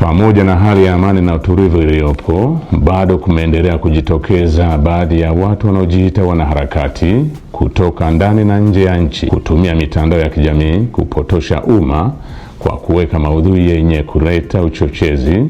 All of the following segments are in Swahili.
Pamoja na hali ya amani na utulivu iliyopo, bado kumeendelea kujitokeza baadhi ya watu wanaojiita wanaharakati kutoka ndani na nje ya nchi kutumia mitandao ya kijamii kupotosha umma kwa kuweka maudhui yenye kuleta uchochezi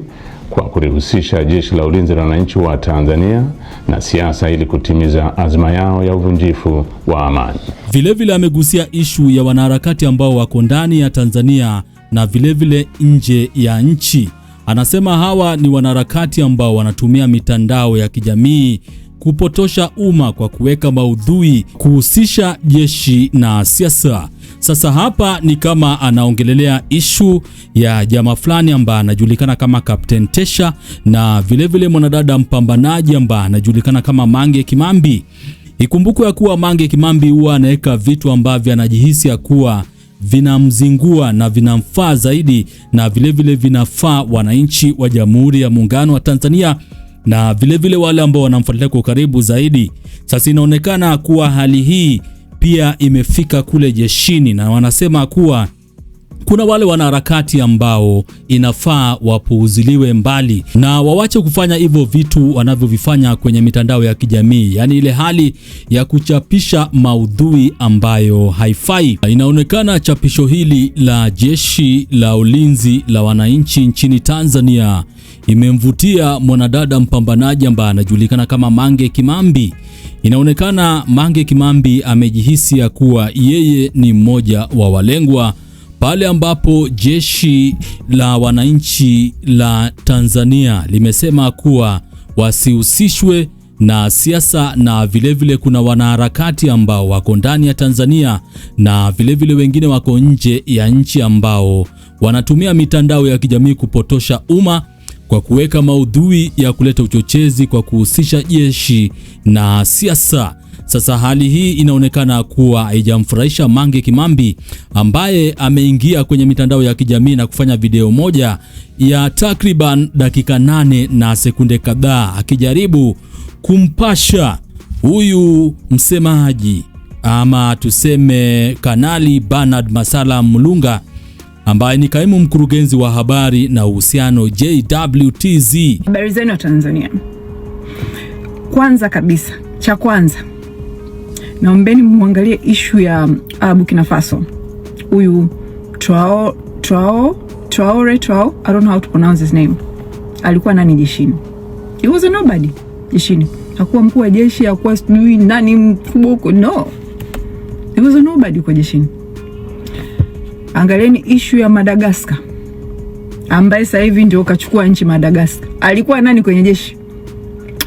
kwa kulihusisha Jeshi la Ulinzi la Wananchi wa Tanzania na siasa ili kutimiza azma yao ya uvunjifu wa amani. Vilevile amegusia ishu ya wanaharakati ambao wako ndani ya Tanzania na vilevile vile nje ya nchi. Anasema hawa ni wanaharakati ambao wanatumia mitandao ya kijamii kupotosha umma kwa kuweka maudhui kuhusisha jeshi na siasa. Sasa hapa ni kama anaongelelea ishu ya jamaa fulani ambaye anajulikana kama Captain Tesha na vilevile mwanadada mpambanaji ambaye anajulikana kama Mange Kimambi. Ikumbukwe ya kuwa Mange Kimambi huwa anaweka vitu ambavyo anajihisi ya kuwa vinamzingua na vinamfaa zaidi na vilevile vinafaa wananchi wa Jamhuri ya Muungano wa Tanzania na vilevile vile wale ambao wanamfuatilia kwa karibu zaidi. Sasa inaonekana kuwa hali hii pia imefika kule jeshini na wanasema kuwa kuna wale wanaharakati ambao inafaa wapuuziliwe mbali na wawache kufanya hivyo vitu wanavyovifanya kwenye mitandao ya kijamii, yaani ile hali ya kuchapisha maudhui ambayo haifai. Inaonekana chapisho hili la Jeshi la Ulinzi la Wananchi nchini Tanzania imemvutia mwanadada mpambanaji ambaye anajulikana kama Mange Kimambi. Inaonekana Mange Kimambi amejihisi ya kuwa yeye ni mmoja wa walengwa pale ambapo jeshi la wananchi la Tanzania limesema kuwa wasihusishwe na siasa na vilevile vile kuna wanaharakati ambao wako ndani ya Tanzania na vilevile vile wengine wako nje ya nchi ambao wanatumia mitandao ya kijamii kupotosha umma kwa kuweka maudhui ya kuleta uchochezi kwa kuhusisha jeshi na siasa. Sasa hali hii inaonekana kuwa haijamfurahisha Mange Kimambi ambaye ameingia kwenye mitandao ya kijamii na kufanya video moja ya takriban dakika nane na sekunde kadhaa akijaribu kumpasha huyu msemaji ama tuseme Kanali Bernard Masala Mulunga ambaye ni kaimu mkurugenzi wa habari na uhusiano JWTZ. Habari zenu Tanzania. Kwanza kabisa, cha kwanza naombeni mwangalie ishu ya uh, Burkina Faso, huyu Traore Traore I don't know how to pronounce his name. Alikuwa nani jeshini? He was a nobody jeshini, hakuwa mkuu wa jeshi, hakuwa sijui nani mkubwa huko, no, he was a nobody huko jeshini. Angalieni ishu ya Madagaskar ambaye sasa hivi ndio kachukua nchi Madagaskar. Alikuwa nani kwenye jeshi?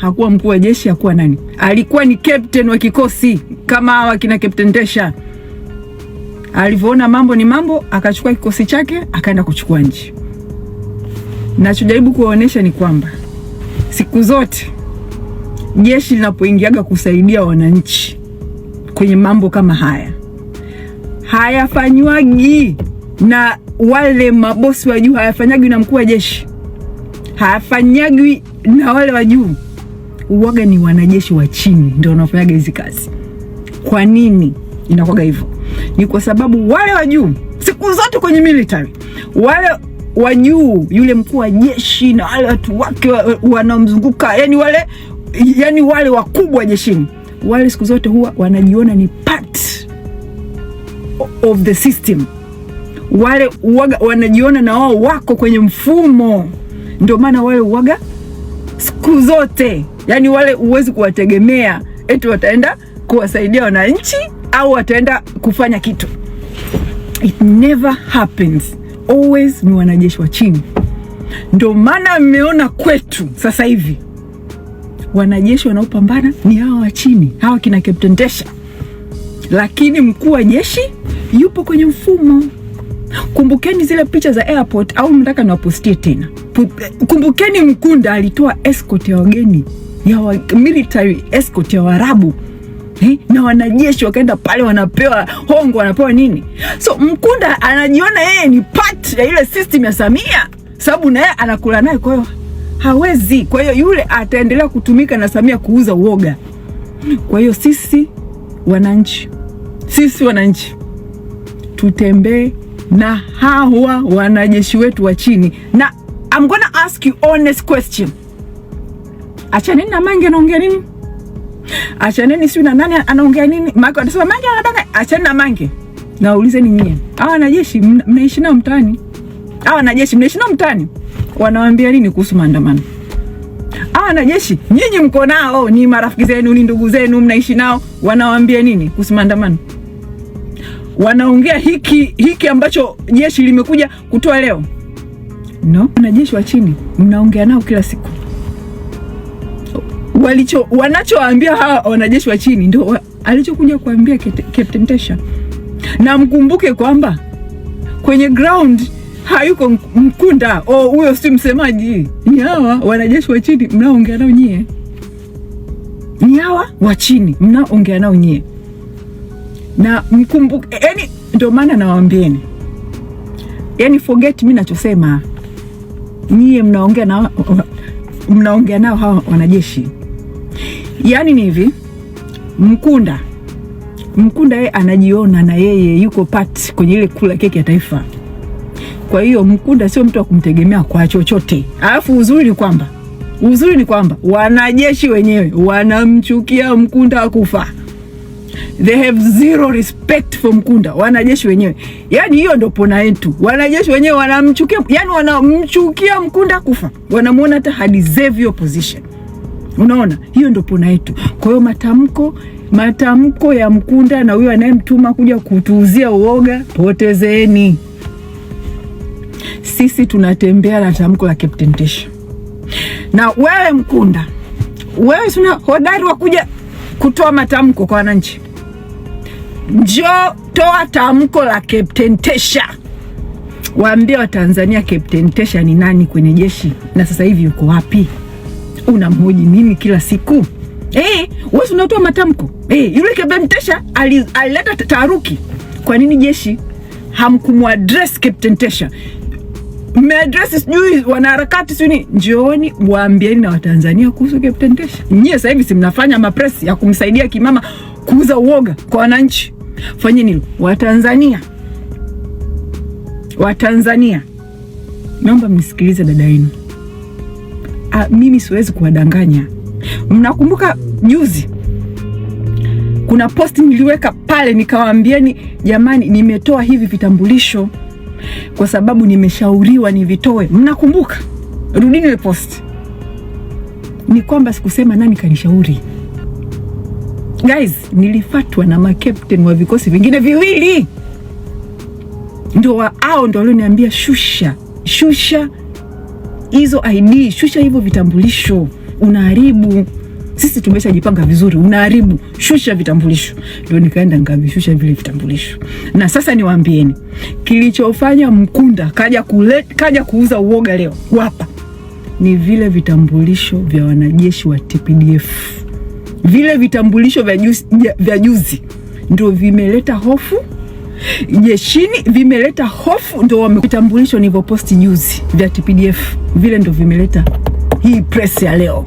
hakuwa mkuu wa jeshi, hakuwa nani, alikuwa ni captain wa kikosi kama hawa kina Captain Tesha. Alivyoona mambo ni mambo, akachukua kikosi chake akaenda kuchukua nchi. Nachojaribu kuwaonesha ni kwamba siku zote jeshi linapoingiaga kusaidia wananchi kwenye mambo kama haya hayafanywagi na wale mabosi wa juu, hayafanyagi na mkuu wa jeshi, hayafanyagi na wale wa juu uwaga ni wanajeshi wa chini ndio wanaofanyaga hizi kazi. Kwa nini inakuwaga hivyo? Ni kwa sababu wale wa juu siku zote kwenye military, wale wa juu, yule mkuu wa jeshi na wale watu wake wanaomzunguka, yani wale, yani wale wakubwa jeshini, wale siku zote huwa wanajiona ni part of the system wale uwaga wanajiona na wao wako kwenye mfumo, ndio maana wale uwaga siku zote. Yaani wale huwezi kuwategemea eti wataenda kuwasaidia wananchi au wataenda kufanya kitu. It never happens. Always ni wanajeshi wa chini. Ndio maana mmeona kwetu sasa hivi wanajeshi wanaopambana ni hawa wa chini, hawa kina Captain Tesha, lakini mkuu wa jeshi yupo kwenye mfumo. Kumbukeni zile picha za airport, au mnataka niwapostie tena? Kumbukeni, Mkunda alitoa escort ya wageni ya wa, military escort ya warabu eh, na wanajeshi wakaenda pale, wanapewa hongo, wanapewa nini. So Mkunda anajiona yeye ni part ya ile system ya Samia, sababu na yeye anakula naye, kwa hiyo hawezi. Kwa hiyo yule ataendelea kutumika na Samia kuuza uoga. Kwa hiyo sisi wananchi, sisi wananchi tutembee na hawa wanajeshi wetu wa chini na I'm gonna ask you honest question. Achaneni na Mange anaongea nini? Achaneni sio na nani anaongea nini? Mange anasema Mange anadanga. Achaneni na Mange. Naulizeni nyie. Hawa wanajeshi mnaishi nao mtaani? Hawa wanajeshi mnaishi nao mtaani? Wanawaambia nini kuhusu maandamano? Hawa wanajeshi nyinyi mko nao, ni marafiki zenu, ni ndugu zenu, mnaishi nao, wanawaambia nini kuhusu maandamano? Wanaongea hiki hiki ambacho jeshi limekuja kutoa leo. No, wanajeshi wa chini mnaongea nao kila siku, walicho wanachoambia hawa wanajeshi wa chini ndio wa, alichokuja kuambia Captain Tesha, na mkumbuke kwamba kwenye ground hayuko Mkunda o huyo si msemaji, ni hawa wanajeshi wa chini mnaongea nao nyie, ni hawa wa chini mnaongea nao nyie, na mkumbuke, yani ndio maana nawaambieni, yani forget mi nachosema nyie mnaongea na mnaongea nao hawa wanajeshi. Yaani ni hivi, Mkunda Mkunda yeye anajiona na yeye yuko part kwenye ile kula keki ya taifa. Kwa hiyo Mkunda sio mtu wa kumtegemea kwa chochote. Alafu uzuri ni kwamba uzuri ni kwamba wanajeshi wenyewe wanamchukia Mkunda kufa. They have zero respect for Mkunda, wanajeshi wenyewe. Yani hiyo ndo pona yetu, wanajeshi wenyewe wanamchukia, yani wanamchukia Mkunda kufa, wanamwona hata hadeserve hiyo position. Unaona, hiyo ndo pona yetu. Kwa hiyo matamko matamko ya Mkunda na huyo anayemtuma kuja kutuuzia uoga, potezeni. Sisi tunatembea na tamko la Captain Tisha. Na wewe Mkunda, wewe una hodari wa kuja kutoa matamko kwa wananchi njo toa tamko la Captain Tesha, waambie Watanzania Captain Tesha ni nani kwenye jeshi na sasa hivi yuko wapi? Unamhoji mimi kila siku eh, wewe unatoa matamko eh. Yule Captain Tesha alileta taharuki. Kwa nini jeshi hamkumwadress Captain Tesha? Mmeadresi sijui wanaharakati sijui njooni, waambieni na Watanzania kuhusu Captain Tesha. Nyie sasa hivi si mnafanya mapresi ya kumsaidia kimama kuuza uoga kwa wananchi. Fanyeni Watanzania, Watanzania, naomba mnisikilize dada yenu. Ah, mimi siwezi kuwadanganya. Mnakumbuka juzi kuna posti niliweka pale nikawaambieni, jamani, nimetoa hivi vitambulisho kwa sababu nimeshauriwa nivitoe. Mnakumbuka? Rudini ile posti. Ni kwamba sikusema nani kanishauri. Guys, nilifatwa na makapteni wa vikosi vingine viwili, ndio wao ndio walioniambia shusha, shusha hizo ID, shusha hivyo vitambulisho, unaharibu sisi tumeshajipanga vizuri, unaharibu, shusha vitambulisho. Ndio nikaenda nikavishusha vile vitambulisho, na sasa niwaambieni kilichofanya Mkunda kaja, kule, kaja kuuza uoga leo hapa ni vile vitambulisho vya wanajeshi wa TPDF vile vitambulisho vya juzi, vya juzi ndio vimeleta hofu jeshini, vimeleta hofu ndio wame vitambulisho nilivyoposti juzi vya TPDF vile ndio vimeleta hii press ya leo.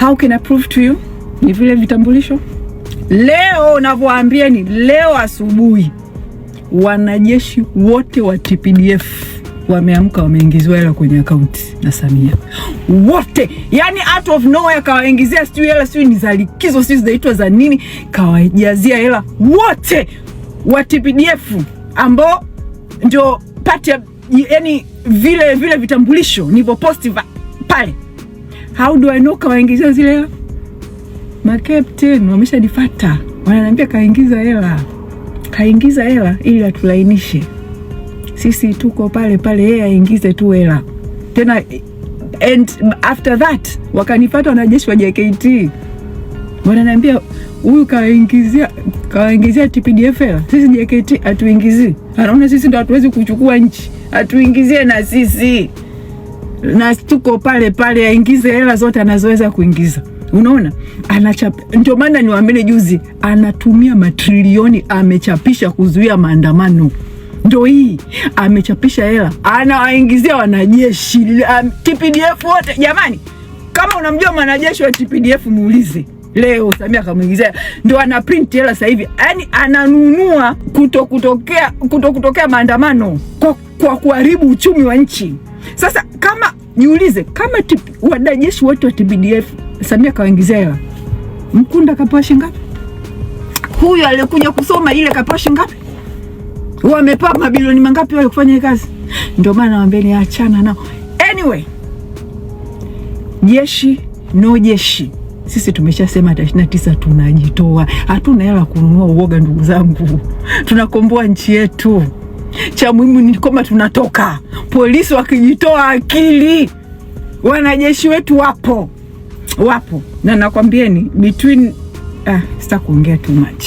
How can I prove to you? Ni vile vitambulisho leo ni leo asubuhi wanajeshi wote wa TPDF wameamka wameingiziwa hela kwenye akaunti na Samia wote, yani out of nowhere kawaingizia, sijui hela sijui ni za likizo sijui zinaitwa za nini, kawajazia hela wote wa TPDF ambao ndio pati ya yani vile vile vitambulisho nilivyoposti pale. How do I know kawaingizia zile hela? Makapteni wameshadifata wananiambia kaingiza hela, kaingiza hela ili atulainishe sisi tuko pale pale, yeye aingize tu hela tena. And after that wakanipata wanajeshi wa JKT wananiambia huyu kawaingizia kawaingizia TPDF hela, sisi JKT hatuingizie, anaona sisi ndo hatuwezi kuchukua nchi, hatuingizie na sisi na tuko pale pale, aingize hela zote anazoweza kuingiza. Unaona, anachapa. Ndio maana niwaamini, juzi, anatumia matrilioni amechapisha kuzuia maandamano ndo hii amechapisha hela anawaingizia wanajeshi um, TPDF wote. Jamani, kama unamjua mwanajeshi wa TPDF muulize. Leo Samia akamwingizia, ndo ana print hela sasa hivi, yaani ananunua kuto kutokea, kuto kutokea maandamano kwa, kwa kuharibu uchumi wa nchi. Sasa kama niulize kama wanajeshi wote wa TPDF Samia akawaingizia hela, Mkunda kapewa shilingi ngapi? Huyu alikuja kusoma ile kapewa shilingi ngapi? wamepaa mabilioni mangapi wale kufanya hii kazi? Ndio maana nawaambieni achana nao. Anyway, jeshi no jeshi, sisi tumeshasema tarehe ishirini na tisa tunajitoa. Hatuna hela kununua uoga, ndugu zangu, tunakomboa nchi yetu. Cha muhimu ni kwamba tunatoka. Polisi wakijitoa akili, wanajeshi wetu wapo, wapo na nakwambieni between ah, sitakuongea too much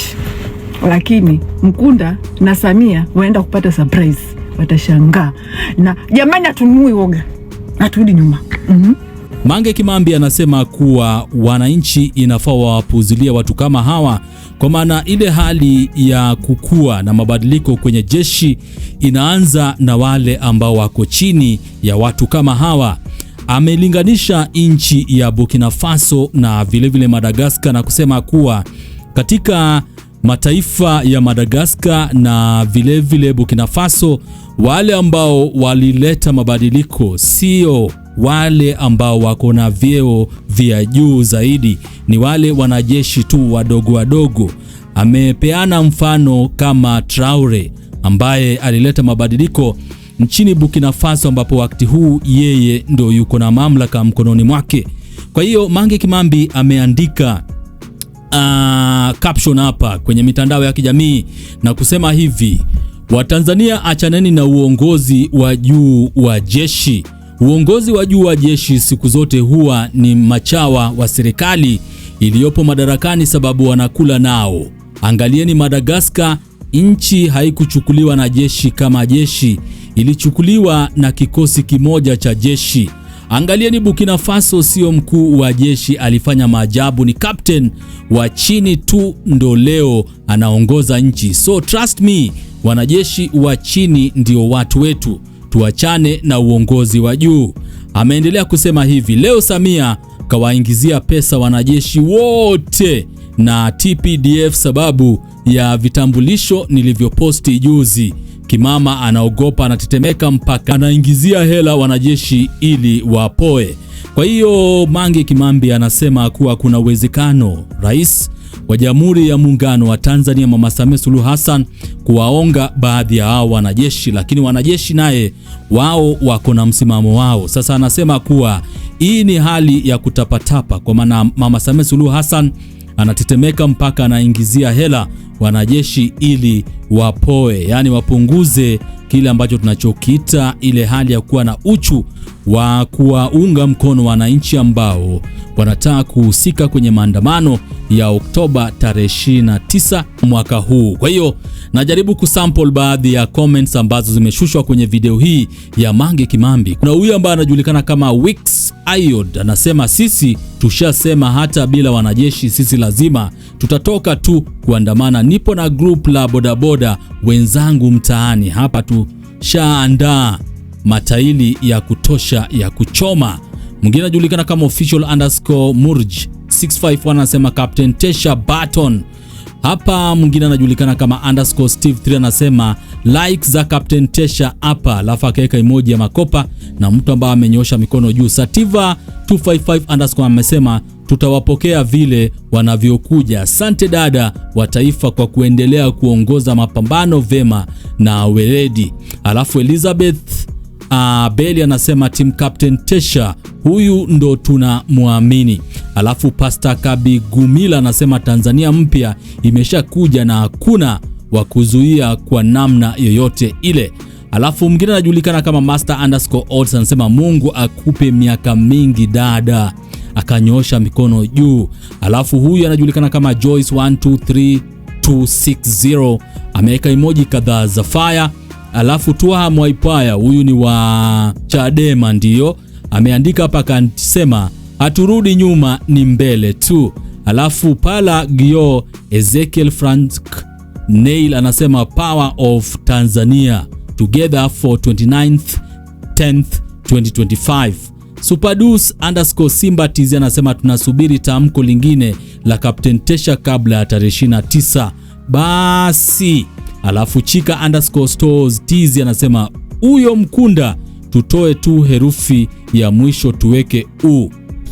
lakini Mkunda na Samia waenda kupata surprise, watashangaa. Na jamani, hatunui woga, haturudi nyuma. mm -hmm. Mange Kimambi anasema kuwa wananchi inafaa wawapuzulia watu kama hawa, kwa maana ile hali ya kukua na mabadiliko kwenye jeshi inaanza na wale ambao wako chini ya watu kama hawa. Amelinganisha nchi ya Burkina Faso na vilevile Madagaskar na kusema kuwa katika mataifa ya Madagaskar na vilevile vile Burkina Faso, wale ambao walileta mabadiliko, sio wale ambao wako na vyeo vya juu zaidi, ni wale wanajeshi tu wadogo wadogo. Amepeana mfano kama Traore ambaye alileta mabadiliko nchini Burkina Faso, ambapo wakati huu yeye ndo yuko na mamlaka mkononi mwake. Kwa hiyo Mange Kimambi ameandika uh, caption hapa kwenye mitandao ya kijamii na kusema hivi: Watanzania achaneni na uongozi wa juu wa jeshi. Uongozi wa juu wa jeshi siku zote huwa ni machawa wa serikali iliyopo madarakani, sababu wanakula nao. Angalieni Madagaskar, nchi haikuchukuliwa na jeshi kama jeshi, ilichukuliwa na kikosi kimoja cha jeshi. Angalieni Burkina Faso, sio mkuu wa jeshi alifanya maajabu, ni captain wa chini tu ndo leo anaongoza nchi. So trust me, wanajeshi wa chini ndio watu wetu, tuachane na uongozi wa juu. Ameendelea kusema hivi, leo Samia kawaingizia pesa wanajeshi wote na TPDF sababu ya vitambulisho nilivyoposti juzi. Kimama anaogopa, anatetemeka, mpaka anaingizia hela wanajeshi ili wapoe. Kwa hiyo Mange Kimambi anasema kuwa kuna uwezekano rais wa Jamhuri ya Muungano wa Tanzania Mama Samia Suluhu Hassan kuwaonga baadhi ya hao wanajeshi, lakini wanajeshi naye wao wako na msimamo wao. Sasa anasema kuwa hii ni hali ya kutapatapa, kwa maana Mama Samia Suluhu Hassan anatetemeka mpaka anaingizia hela wanajeshi ili wapoe, yaani wapunguze kile ambacho tunachokita ile hali ya kuwa na uchu wa kuwaunga mkono wananchi ambao wanataka kuhusika kwenye maandamano ya Oktoba tarehe 29 mwaka huu. Kwa hiyo najaribu kusample baadhi ya comments ambazo zimeshushwa kwenye video hii ya Mange Kimambi. Kuna huyu ambaye anajulikana kama Wix Iod anasema sisi tushasema hata bila wanajeshi sisi lazima tutatoka tu kuandamana. Nipo na group la bodaboda wenzangu mtaani hapa, tushaandaa mataili ya kutosha ya kuchoma. Mwingine anajulikana kama official underscore murj 651 anasema Captain Tesha Barton hapa mwingine anajulikana kama underscore Steve 3 anasema like za Captain Tesha hapa, alafu akaweka emoji ya makopa na mtu ambaye amenyoosha mikono juu. Sativa 255 underscore amesema tutawapokea vile wanavyokuja. Asante dada wa taifa kwa kuendelea kuongoza mapambano vema na weledi. Alafu Elizabeth uh, ah, Beli anasema team captain Tesha huyu ndo tunamwamini. Alafu Pasta Gumila anasema Tanzania mpya imeshakuja na hakuna wa kuzuia kwa namna yoyote ile. Alafu mwingine anajulikana kama Master underscore odds anasema Mungu akupe miaka mingi dada, akanyoosha mikono juu. Alafu huyu anajulikana kama Joyce 123260 ameweka emoji kadhaa za fire Alafu Twaha Mwaipaya huyu ni wa Chadema, ndiyo ameandika hapa akasema haturudi nyuma, ni mbele tu. Alafu Pala Gio Ezekiel Frank Neil anasema Power of Tanzania together for 29th 10th 2025. Superdus underscore Simba TZ anasema tunasubiri tamko lingine la Captain Tesha kabla ya tarehe 29. Basi Alafu Chika underscore stores tz anasema huyo mkunda tutoe tu herufi ya mwisho tuweke u.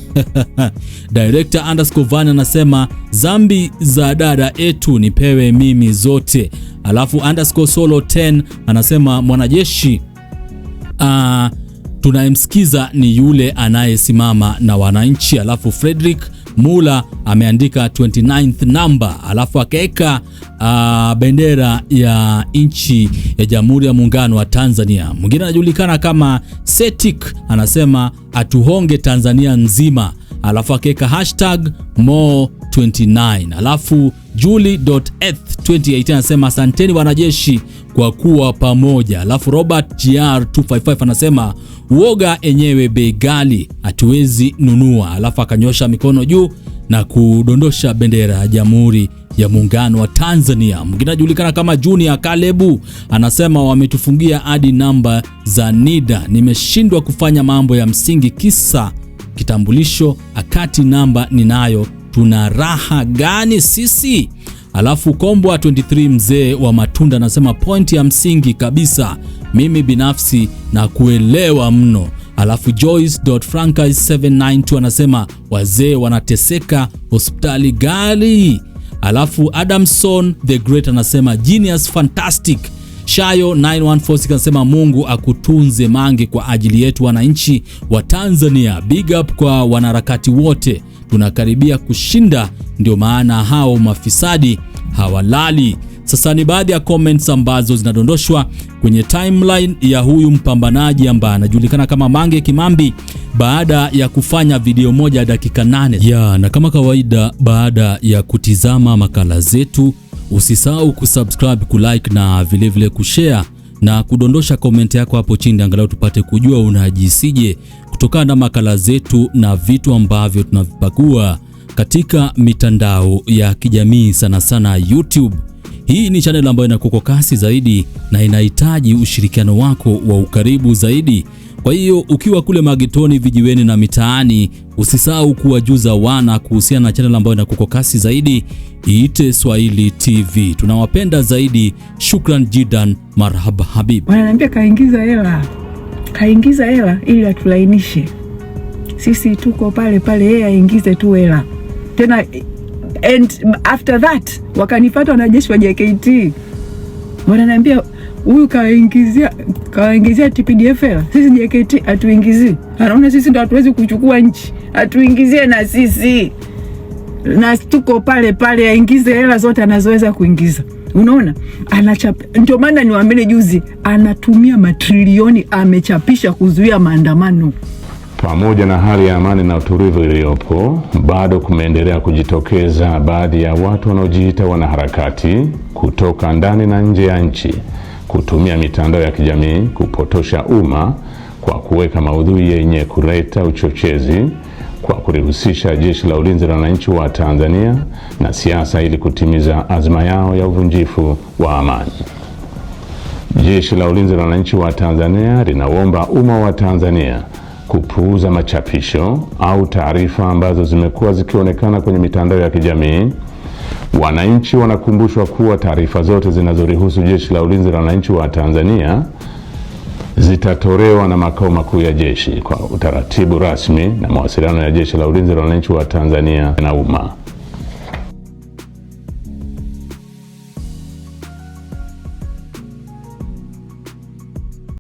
Director underscore van anasema zambi za dada etu nipewe mimi zote. Alafu underscore solo 10 anasema mwanajeshi uh, tunayemsikiza ni yule anayesimama na wananchi. Alafu Frederick Mula ameandika 29th number, alafu akaweka uh, ah, bendera ya nchi ya Jamhuri ya Muungano wa Tanzania. Mwingine anajulikana kama Setik anasema atuhonge Tanzania nzima, alafu akaweka hashtag Mo 29 alafu Julie.eth2018 anasema asanteni wanajeshi kwa kuwa pamoja. Alafu Robert GR255 anasema uoga enyewe bei ghali, hatuwezi nunua. Alafu akanyosha mikono juu na kudondosha bendera ya Jamhuri ya Muungano wa Tanzania. Mwingine anajulikana kama Junior Kalebu anasema wametufungia hadi namba za NIDA, nimeshindwa kufanya mambo ya msingi kisa kitambulisho, akati namba ninayo tuna raha gani sisi? Alafu Kombwa 23 mzee wa matunda anasema pointi ya msingi kabisa, mimi binafsi na kuelewa mno. Alafu Joyce.frankis792 anasema wazee wanateseka hospitali gali. Alafu Adamson the Great anasema genius fantastic. Shayo 9146 anasema Mungu akutunze Mange kwa ajili yetu wananchi wa Tanzania. Big up kwa wanaharakati wote tunakaribia kushinda, ndio maana hao mafisadi hawalali. Sasa ni baadhi ya comments ambazo zinadondoshwa kwenye timeline ya huyu mpambanaji ambaye anajulikana kama Mange Kimambi baada ya kufanya video moja dakika nane ya, na kama kawaida, baada ya kutizama makala zetu usisahau kusubscribe, kulike na vilevile vile kushare na kudondosha komenti yako hapo chini, angalau tupate kujua unajisije kutokana na makala zetu na vitu ambavyo tunavipakua katika mitandao ya kijamii sana sana YouTube. Hii ni channel ambayo inakuwa kwa kasi zaidi na inahitaji ushirikiano wako wa ukaribu zaidi. Kwa hiyo ukiwa kule magetoni, vijiweni na mitaani, usisahau kuwajuza wana kuhusiana na channel ambayo inakuwa kwa kasi zaidi iite Swahili TV. Tunawapenda zaidi. Shukran jidan, marhaba habib. Wananiambia kaingiza hela kaingiza hela ili atulainishe sisi, tuko pale pale, yeye aingize tu hela tena. And after that wakanipata wanajeshi wa JKT wananiambia huyu kawaingizia kawaingizia TPDF hela, sisi JKT hatuingizie. Anaona sisi ndo hatuwezi kuchukua nchi, hatuingizie na sisi, na tuko pale pale, aingize hela zote anazoweza kuingiza. Unaona, anachap ndio maana niwaambie juzi, anatumia matrilioni amechapisha kuzuia maandamano. Pamoja na hali ya amani na utulivu iliyopo, bado kumeendelea kujitokeza baadhi ya watu wanaojiita wanaharakati kutoka ndani na nje ya nchi kutumia mitandao ya kijamii kupotosha umma kwa kuweka maudhui yenye kuleta uchochezi kwa kulihusisha Jeshi la Ulinzi la Wananchi wa Tanzania na siasa ili kutimiza azma yao ya uvunjifu wa amani. Jeshi la Ulinzi la Wananchi wa Tanzania linaomba umma wa Tanzania kupuuza machapisho au taarifa ambazo zimekuwa zikionekana kwenye mitandao ya kijamii. Wananchi wanakumbushwa kuwa taarifa zote zinazohusu Jeshi la Ulinzi la Wananchi wa Tanzania zitatolewa na makao makuu ya jeshi kwa utaratibu rasmi na mawasiliano ya Jeshi la Ulinzi la Wananchi wa Tanzania na umma.